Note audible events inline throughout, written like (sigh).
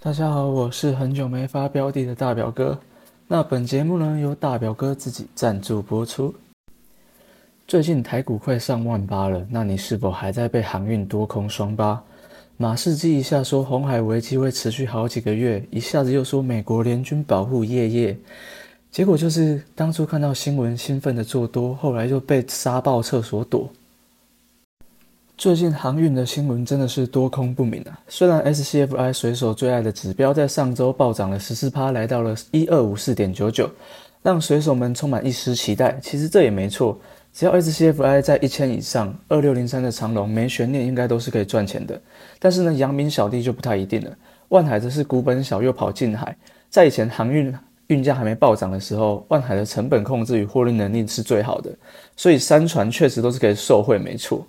大家好，我是很久沒發標題的大表哥。那本節目呢，由大表哥自己贊助播出。最近台股快上萬八了，那你是否還在被航運多空雙巴？馬士基一下說紅海危機會持續好幾個月，一下子又說美國聯軍保護夜夜，結果就是當初看到新聞興奮的做多，後來就被殺爆廁所躲。最近航運的新聞真的是多空不明啊！雖然 SCFI 水手最愛的指標在上周暴漲了十四趴，來到了一二五四點九九，讓水手們充滿一絲期待。其實這也沒錯，只要 SCFI 在一千以上，二六零三的長龍沒懸念，應該都是可以賺錢的。但是呢，陽明小弟就不太一定了。萬海這是股本小又跑近海，在以前航運運價還沒暴漲的時候，萬海的成本控制與獲利能力是最好的，所以三船確實都是可以受惠，沒錯。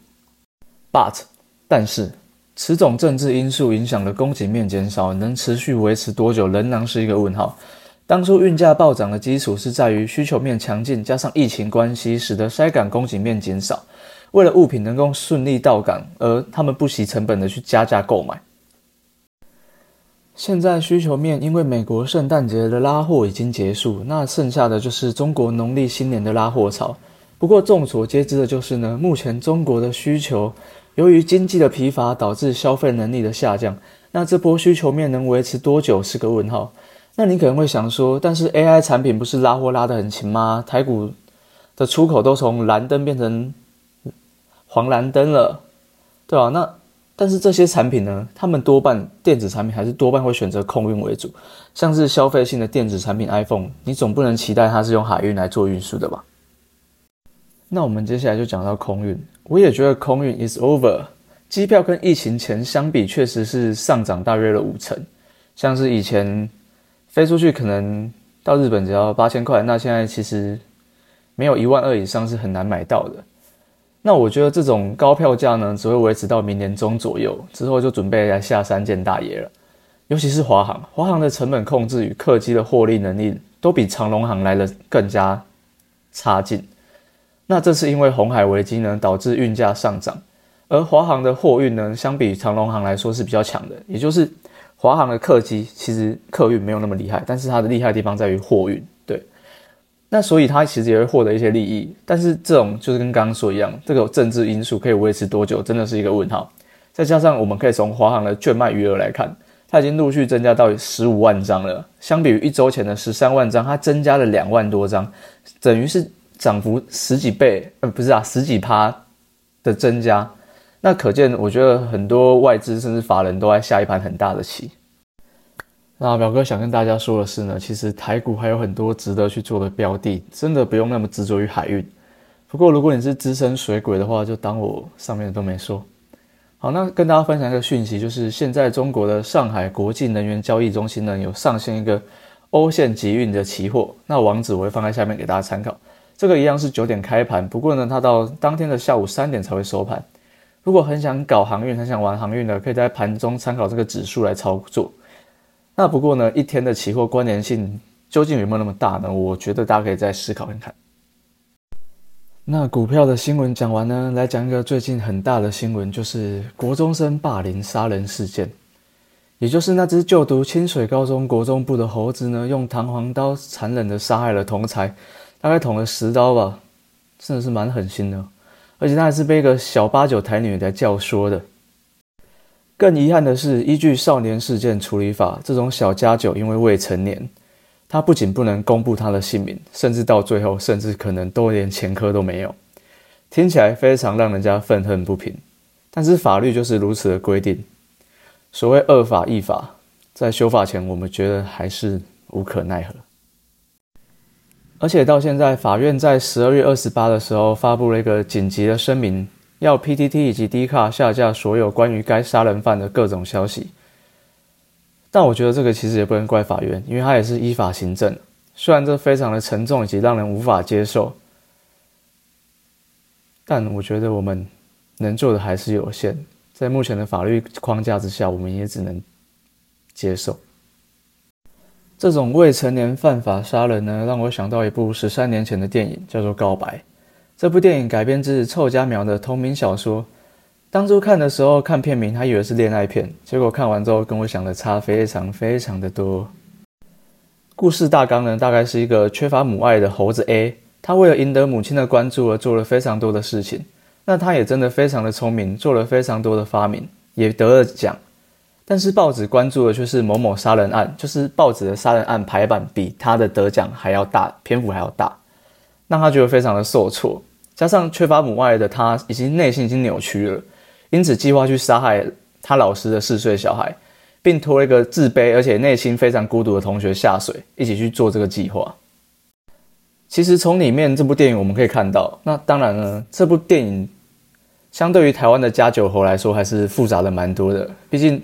But，但是，此種政治因素影響了供給面減少，能持續維持多久，仍然是一個問號。當初運價暴漲的基礎是在於需求面強勁，加上疫情關係，使得塞港供給面減少。為了物品能夠順利到港，而他們不惜成本的去加價購買。現在需求面因為美國聖誕節的拉貨已經結束，那剩下的就是中國農曆新年的拉貨潮。不過眾所皆知的就是呢，目前中國的需求。由於經濟的疲乏，導致消費能力的下降，那這波需求面能維持多久是個問號？那你可能會想說，但是 AI 產品不是拉貨拉得很勤嗎？台股的出口都從藍燈變成黃藍燈了，對吧、啊？那但是這些產品呢？他們多半電子產品還是多半會選擇空運為主，像是消費性的電子產品 iPhone，你總不能期待它是用海運來做運輸的吧？那我們接下來就講到空運。我也覺得空運 is over，機票跟疫情前相比，確實是上漲大約了五成。像是以前飛出去可能到日本只要八千塊，那現在其實沒有一萬二以上是很難買到的。那我覺得這種高票價呢，只會維持到明年中左右，之後就準備來下山見大爺了。尤其是華航，華航的成本控制與客機的獲利能力都比長榮航來得更加差勁。那這是因為紅海危機呢導致運價上漲，而華航的貨運呢相比於長榮航來說是比較強的，也就是華航的客機其實客運沒有那麼厲害，但是它的厲害的地方在於貨運，對。那所以它其實也會獲得一些利益，但是這種就是跟剛剛說一樣，這個政治因素可以維持多久真的是一個問號。再加上我們可以從華航的券賣餘額來看，它已經陸續增加到十五萬張了，相比於一周前的十三萬張，它增加了兩萬多張，等於是。漲幅十幾倍，呃，不是啊，十幾趴的增加，那可見我覺得很多外資甚至法人都在下一盤很大的棋。那表哥想跟大家說的是呢，其實台股還有很多值得去做的標的，真的不用那麼執着於海運。不過如果你是資深水鬼的話，就當我上面都沒說。好，那跟大家分享一個訊息，就是現在中國的上海國際能源交易中心呢有上線一個歐線集運的期貨，那網址我會放在下面給大家參考。這個一樣是九點開盤，不過呢，它到當天的下午三點才會收盤。如果很想搞航運，很想玩航運的，可以在盤中參考這個指數來操作。那不過呢，一天的期貨關聯性究竟有沒有那麼大呢？我覺得大家可以再思考看看。那股票的新聞講完呢，來講一個最近很大的新聞，就是國中生霸凌殺人事件，也就是那隻就讀清水高中國中部的猴子呢，用彈簧刀殘忍地殺害了同儕。大概捅了十刀吧，真的是蠻狠心的，而且他還是被一個小八九台女來教唆的。更遺憾的是，依據《少年事件處理法》，這種小加九因為未成年，他不僅不能公布他的姓名，甚至到最後甚至可能都連前科都沒有，聽起來非常讓人家憤恨不平。但是法律就是如此的規定，所謂惡法亦法，在修法前，我們覺得還是無可奈何。而且到現在，法院在十二月二十八的時候發佈了一個緊急的聲明，要 PTT 以及 D 卡下架所有關於該殺人犯的各種消息。但我覺得這個其實也不能怪法院，因為他也是依法行政。雖然這非常的沉重以及讓人無法接受，但我覺得我們能做的還是有限，在目前的法律框架之下，我們也只能接受。這種未成年犯法殺人呢，讓我想到一部十三年前的電影，叫做《告白》。這部電影改編自湊佳苗的同名小說。當初看的時候，看片名他以為是戀愛片，結果看完之後，跟我想的差非常非常的多。故事大綱呢，大概是一個缺乏母愛的猴子 A，他為了贏得母親的關注而做了非常多的事情。那他也真的非常的聰明，做了非常多的發明，也得了獎。但是報紙關注的卻是某某殺人案，就是報紙的殺人案排版比他的得獎還要大，篇幅還要大，讓他覺得非常的受挫。加上缺乏母愛的他，已經內心已經扭曲了，因此計劃去殺害他老師的四歲小孩，並拖了一個自卑而且內心非常孤獨的同學下水，一起去做這個計劃。其實從裡面這部電影我們可以看到，那當然了，這部電影相對於台灣的 +9 猴來說，還是複雜的蠻多的，畢竟。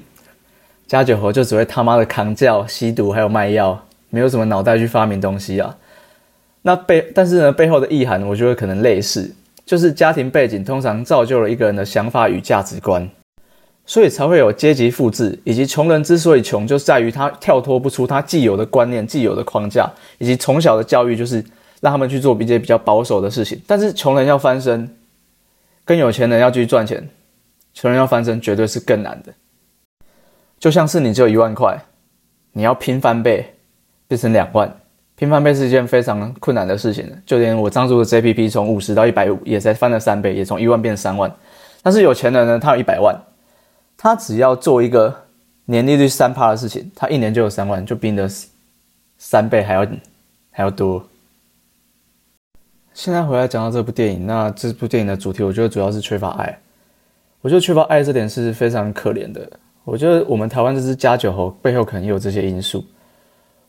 加九猴就只會他媽的扛轎、吸毒，還有賣藥，沒有什麼腦袋去發明東西啊。那背，但是呢，背後的意涵，我覺得可能類似，就是家庭背景通常造就了一個人的想法與價值觀，所以才會有階級複製，以及窮人之所以窮，就是在於他跳脫不出他既有的觀念、既有的框架，以及從小的教育就是讓他們去做比這比較保守的事情。但是窮人要翻身，跟有錢人要繼續賺錢，窮人要翻身絕對是更難的。就像是你只有一萬塊，你要拼翻倍，變成兩萬，拼翻倍是一件非常困難的事情的。就連我贊助的 J P P 從五十到一百五也才翻了三倍，也從一萬變三萬。但是有錢人呢，他有一百萬，他只要做一個年利率三趴的事情，他一年就有三萬，就比你的三倍還要還要多。現在回來講到這部電影，那這部電影的主題，我覺得主要是缺乏愛。我覺得缺乏愛這點是非常可憐的。我覺得我們台灣這隻 +9 猴背後可能也有這些因素。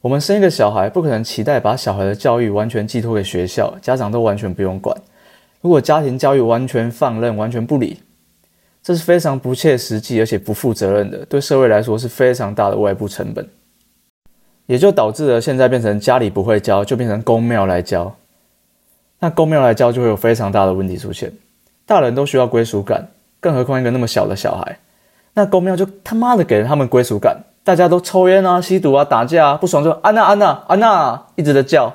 我們生一個小孩，不可能期待把小孩的教育完全寄託給學校，家長都完全不用管。如果家庭教育完全放任，完全不理，這是非常不切實際而且不負責任的，對社會來說是非常大的外部成本。也就導致了現在變成家裡不會教，就變成宮廟來教。那宮廟來教就會有非常大的問題出現。大人都需要歸屬感，更何況一個那麼小的小孩。那宮廟就他媽的給了他們歸屬感，大家都抽菸啊、吸毒啊、打架啊，不爽就安娜、安娜、安娜，一直的叫。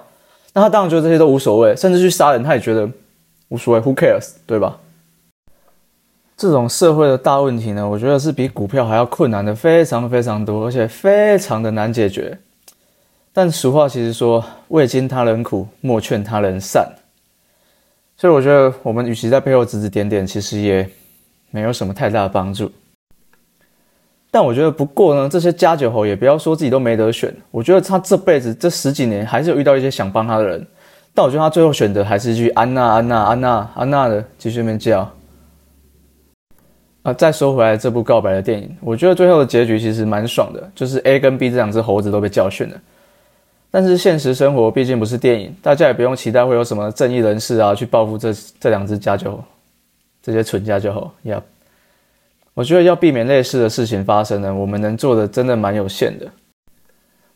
那他當然覺得這些都無所謂，甚至去殺人他也覺得無所謂，Who cares？對吧？這種社會的大問題呢，我覺得是比股票還要困難的非常非常多，而且非常的難解決。但俗話其實說“未經他人苦，莫勸他人善”，所以我覺得我們與其在背後指指點點，其實也沒有什麼太大的幫助。但我覺得，不過呢，這些加九猴也不要說自己都沒得選。我覺得他這輩子這十幾年還是有遇到一些想幫他的人，但我覺得他最後選的還是去安娜安娜安娜安娜的繼續面叫。啊。再說回來，這部告白的電影，我覺得最後的結局其實蠻爽的，就是 A 跟 B 這兩只猴子都被教訓了。但是現實生活畢竟不是電影，大家也不用期待會有什麼正義人士啊去報復這這兩只加九猴，這些蠢加九猴要。Yeah. 我覺得要避免類似的事情發生呢，我們能做的真的蠻有限的。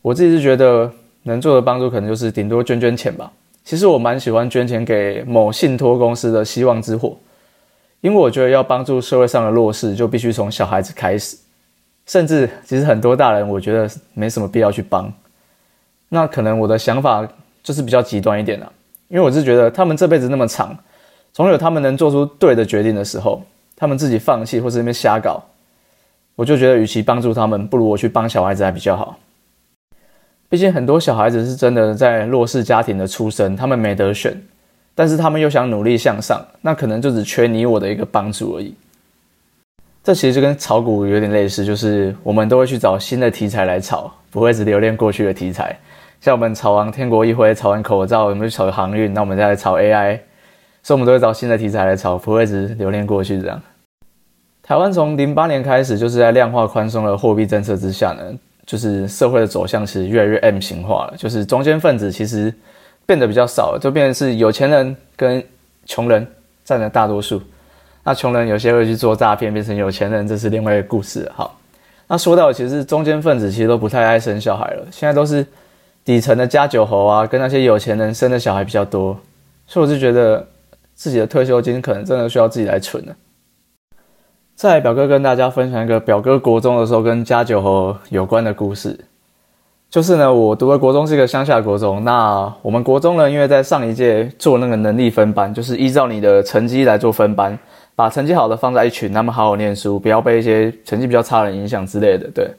我自己是覺得能做的幫助可能就是頂多捐捐錢吧。其實我蠻喜歡捐錢給某信托公司的希望之火，因為我覺得要幫助社會上的弱勢，就必須從小孩子開始。甚至其實很多大人，我覺得沒什麼必要去幫。那可能我的想法就是比較極端一點啦，因為我是覺得他們這輩子那麼長，總有他們能做出對的決定的時候。他們自己放棄或是那邊瞎搞，我就覺得，與其幫助他們，不如我去幫小孩子還比較好。畢竟很多小孩子是真的在弱勢家庭的出身，他們沒得選，但是他們又想努力向上，那可能就只缺你我的一個幫助而已。這其實就跟炒股有點類似，就是我們都會去找新的題材來炒，不會只留戀過去的題材。像我們炒完天國一輝，炒完口罩，我們去炒航運，那我們再來炒 AI。所以，我們都會找新的題材來炒，不會一直留戀過去。這樣，台灣從零八年開始，就是在量化寬鬆的貨幣政策之下呢，就是社會的走向其實越來越 M 型化了。就是中間分子其實變得比較少了，就變成是有錢人跟窮人占了大多數。那窮人有些會去做詐騙，變成有錢人，這是另外一個故事。好，那說到其實中間分子其實都不太愛生小孩了，現在都是底層的 +9 猴啊，跟那些有錢人生的小孩比較多。所以，我就覺得。自己的退休金可能真的需要自己來存啊。再來表哥跟大家分享一個表哥國中的時候跟加九猴有關的故事，就是呢，我讀的國中是一個鄉下的國中。那我們國中呢，因為在上一屆做那個能力分班，就是依照你的成績來做分班，把成績好的放在一群，他們好好念書，不要被一些成績比較差的影響之類的。對，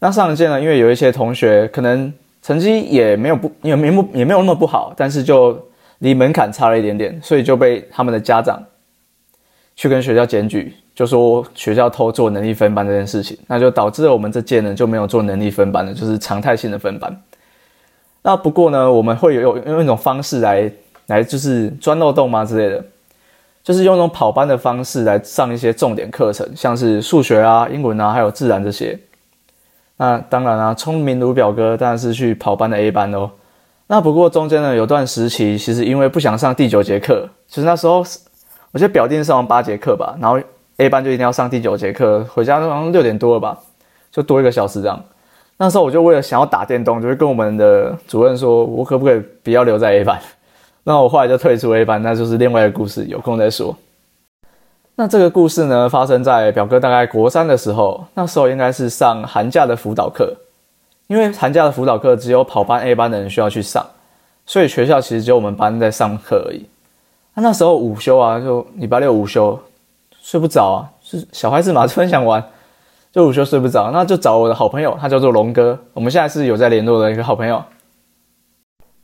那上一屆呢，因為有一些同學可能成績也沒有不，也沒有也沒有那麼不好，但是就。離門檻差了一點點，所以就被他們的家長去跟學校檢舉，就說學校偷做能力分班這件事情，那就導致了我們這屆呢就沒有做能力分班了，就是常態性的分班。那不過呢，我們會有用用一種方式來來就是鑽漏洞嘛之類的，就是用一種跑班的方式來上一些重點課程，像是數學啊、英文啊，還有自然這些。那當然啦、啊，聰明如表哥，當然是去跑班的 A 班哦。那不過中間呢，有段時期，其實因為不想上第九節課，其實那時候，我記得表弟上完八節課吧，然後 A 班就一定要上第九節課，回家都好像六點多了吧，就多一個小時這樣。那時候我就為了想要打電動，就會跟我們的主任說，我可不可以不要留在 A 班？那我後來就退出 A 班，那就是另外一個故事，有空再說。那這個故事呢，發生在表哥大概國三的時候，那時候應該是上寒假的輔導課。因為寒假的輔導課只有跑班 A 班的人需要去上，所以學校其實只有我們班在上課而已。那、啊、那時候午休啊，就禮拜六午休，睡不着啊，是小孩子嘛，真的很想玩，就午休睡不着，那就找我的好朋友，他叫做龍哥，我們現在是有在聯絡的一個好朋友。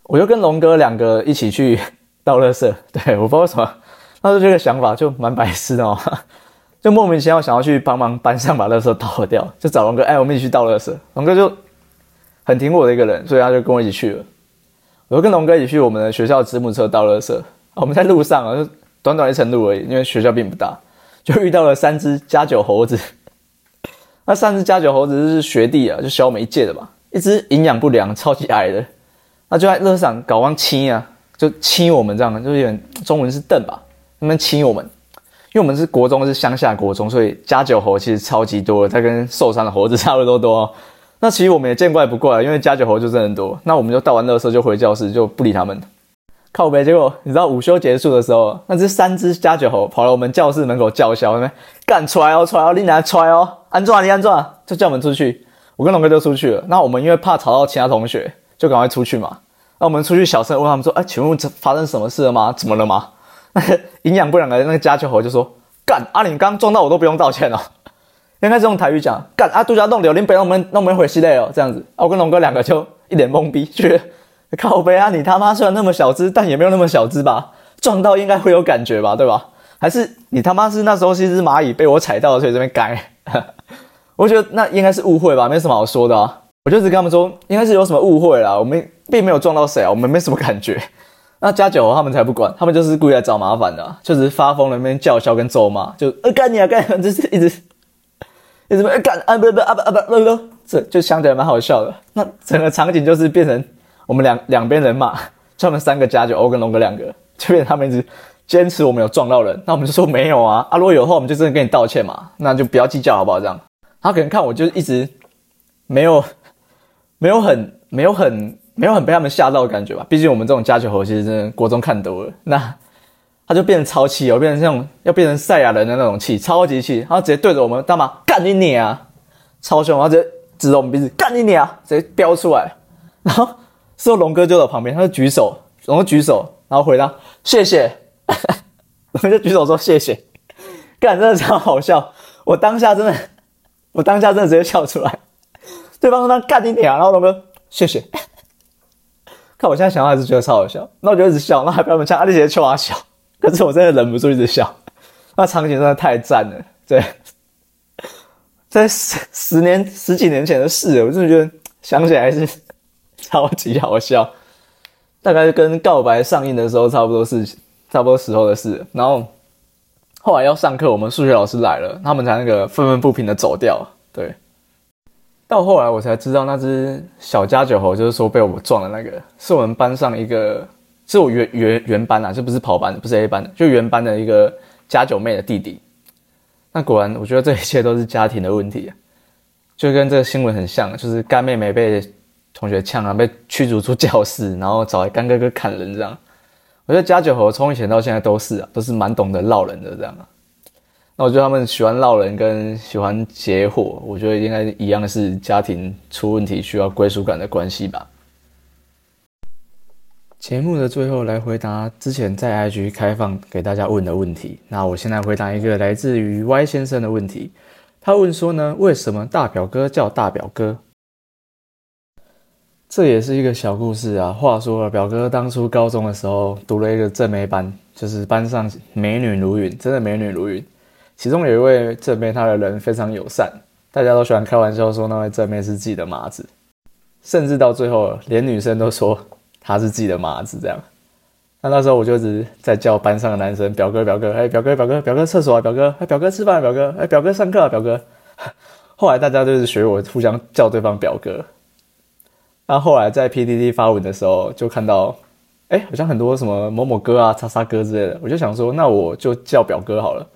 我就跟龍哥兩個一起去倒垃圾，對，我不知道為什麼，那是這個想法就蠻白痴的、哦，就莫名其妙想要去幫忙班上把垃圾倒掉，就找龍哥，哎，我們一起去倒垃圾，龍哥就很挺我的一個人，所以他就跟我一起去了。我就跟龍哥一起去我們的學校子母車倒垃圾、啊。我們在路上啊，就短短一層路而已，因為學校並不大，就遇到了三隻加九猴子。那三隻加九猴子是學弟啊，就小我們一屆的吧，一隻營養不良，超級矮的。那就在路上搞忘親啊，就親我們這樣的，就是有點中文是瞪吧，他們親我們，因為我們是國中，是鄉下國中，所以加九猴其實超級多，它跟受傷的猴子差不多多、哦。那其實我們也見怪不怪了，因為加九猴就真的很多。那我們就倒完垃圾的時候就回教室，就不理他們。靠北！結果你知道午休結束的時候，那隻三隻加九猴跑來我們教室門口叫囂，在那邊幹出來哦，出來哦，你哪出來哦，安怎啊，你安怎啊，就叫我們出去。我跟龍哥就出去了。那我們因為怕吵到其他同學，就趕快出去嘛。那我們出去小聲問他們說：“哎、欸，請問這發生什麼事了嗎？怎麼了嗎？”那個營養不良的那個加九猴就說：“幹，阿、啊、你剛撞到我都不用道歉了。”應該是用台語講，干啊！杜家棟、柳林北，我們、弄們回吸淚哦，這樣子啊！我跟龍哥兩個就一臉懵逼，覺得靠北啊！你他媽雖然那麼小隻，但也沒有那麼小隻吧？撞到應該會有感覺吧，對吧？還是你他媽是那時候是一隻螞蟻被我踩到了，所以這邊幹？ (laughs) 我覺得那應該是誤會吧，沒什麼好說的啊。啊我就只跟他們說，應該是有什麼誤會啦，我們並沒有撞到誰啊，我們沒什麼感覺。那加九他們才不管，他們就是故意來找麻煩的、啊，就是發瘋了在那邊叫囂跟咒罵，就呃幹、啊、你啊干你啊！就是一直。你敢不不不不，這就相對來蠻好笑的。那整個場景就是變成我們兩兩邊人嘛，他們三個加九猴，我跟龍哥兩個，就變成他們一直堅持我們有撞到人，那我們就說沒有啊！啊，如果有的話，我們就真的跟你道歉嘛，那就不要計較好不好？這樣，他可能看我就一直沒有沒有很沒有很沒有很被他們嚇到的感覺吧。畢竟我們這種加九猴其實真的國中看多了。那。他就變成超氣，有變成這種要變成賽亞人的那種氣，超級氣，然後直接對着我們幹嘛？幹你娘！超凶，然後直接指着我們鼻子幹你娘！直接飆出來。然後之後龍哥就在我旁邊，他就舉手，龍哥舉手，然後回答謝謝。龍哥舉手說謝謝，幹真的超好笑。我當下真的，我當下真的直接笑出來。對方說他幹你娘！然後龍哥謝謝。看我現在想到還是覺得超好笑，那我就一直笑，那還不要我們家阿弟姐姐笑啊笑。可是我真的忍不住一直笑，那場景真的太讚了。對，在十十年、十幾年前的事了，我真的覺得想起來是超級好笑。大概跟告白上映的時候差不多，是差不多時候的事了。然後後來要上課，我們數學老師來了，他們才那個憤憤不平的走掉。對，到後來我才知道，那只小加九猴就是說被我們撞的那個，是我們班上一個。是我原原原班啊，這不是跑班，不是 A 班的，就原班的一個 +9 妹的弟弟。那果然，我覺得這一切都是家庭的問題啊，就跟這個新聞很像，就是乾妹妹被同學嗆啊，被驅逐出教室，然後找乾哥哥砍人這樣。我覺得 +9 和我從以前到現在都是啊，都是蠻懂得烙人的這樣啊。那我覺得他們喜歡烙人跟喜歡結夥，我覺得應該一樣的是家庭出問題需要歸屬感的關係吧。節目的最後來回答之前在 IG 開放給大家問的問題。那我現在回答一個來自於 Y 先生的問題。他問說呢，為什麼大表哥叫大表哥？這也是一個小故事啊。話說了表哥當初高中的時候讀了一個正妹班，就是班上美女如雲，真的美女如雲。其中有一位正妹，她的人非常友善，大家都喜歡開玩笑說那位正妹是自己的馬子，甚至到最後連女生都說。他是自己的馬子這樣，那那時候我就一直在叫班上的男生表哥表哥，哎表哥、欸、表哥表哥，表哥，表哥廁所啊表哥，哎、欸、表哥吃飯啊表哥，哎、欸、表哥上課啊表哥。 (laughs) 後來大家就是學我互相叫對方表哥。那、啊、後來在 PTT 發文的時候，就看到，哎、欸、好像很多什麼某某哥啊、叉叉哥之類的，我就想說，那我就叫表哥好了。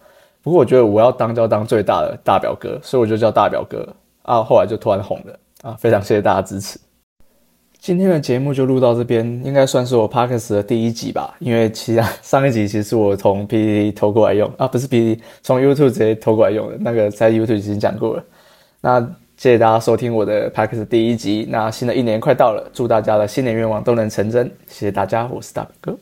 不過我覺得我要當就要當最大的大表哥，所以我就叫大表哥。啊後來就突然紅了啊，非常謝謝大家支持。今天的節目就錄到這邊，應該算是我 Podcast 的第一集吧。因為其實、啊、上一集其實我從 PPT 偷過來用啊，不是 PPT，從 YouTube 直接偷過來用的那個，在 YouTube 已經講過了。那謝謝大家收聽我的 Podcast 第一集。那新的一年快到了，祝大家的新年願望都能成真。謝謝大家，我是大表哥。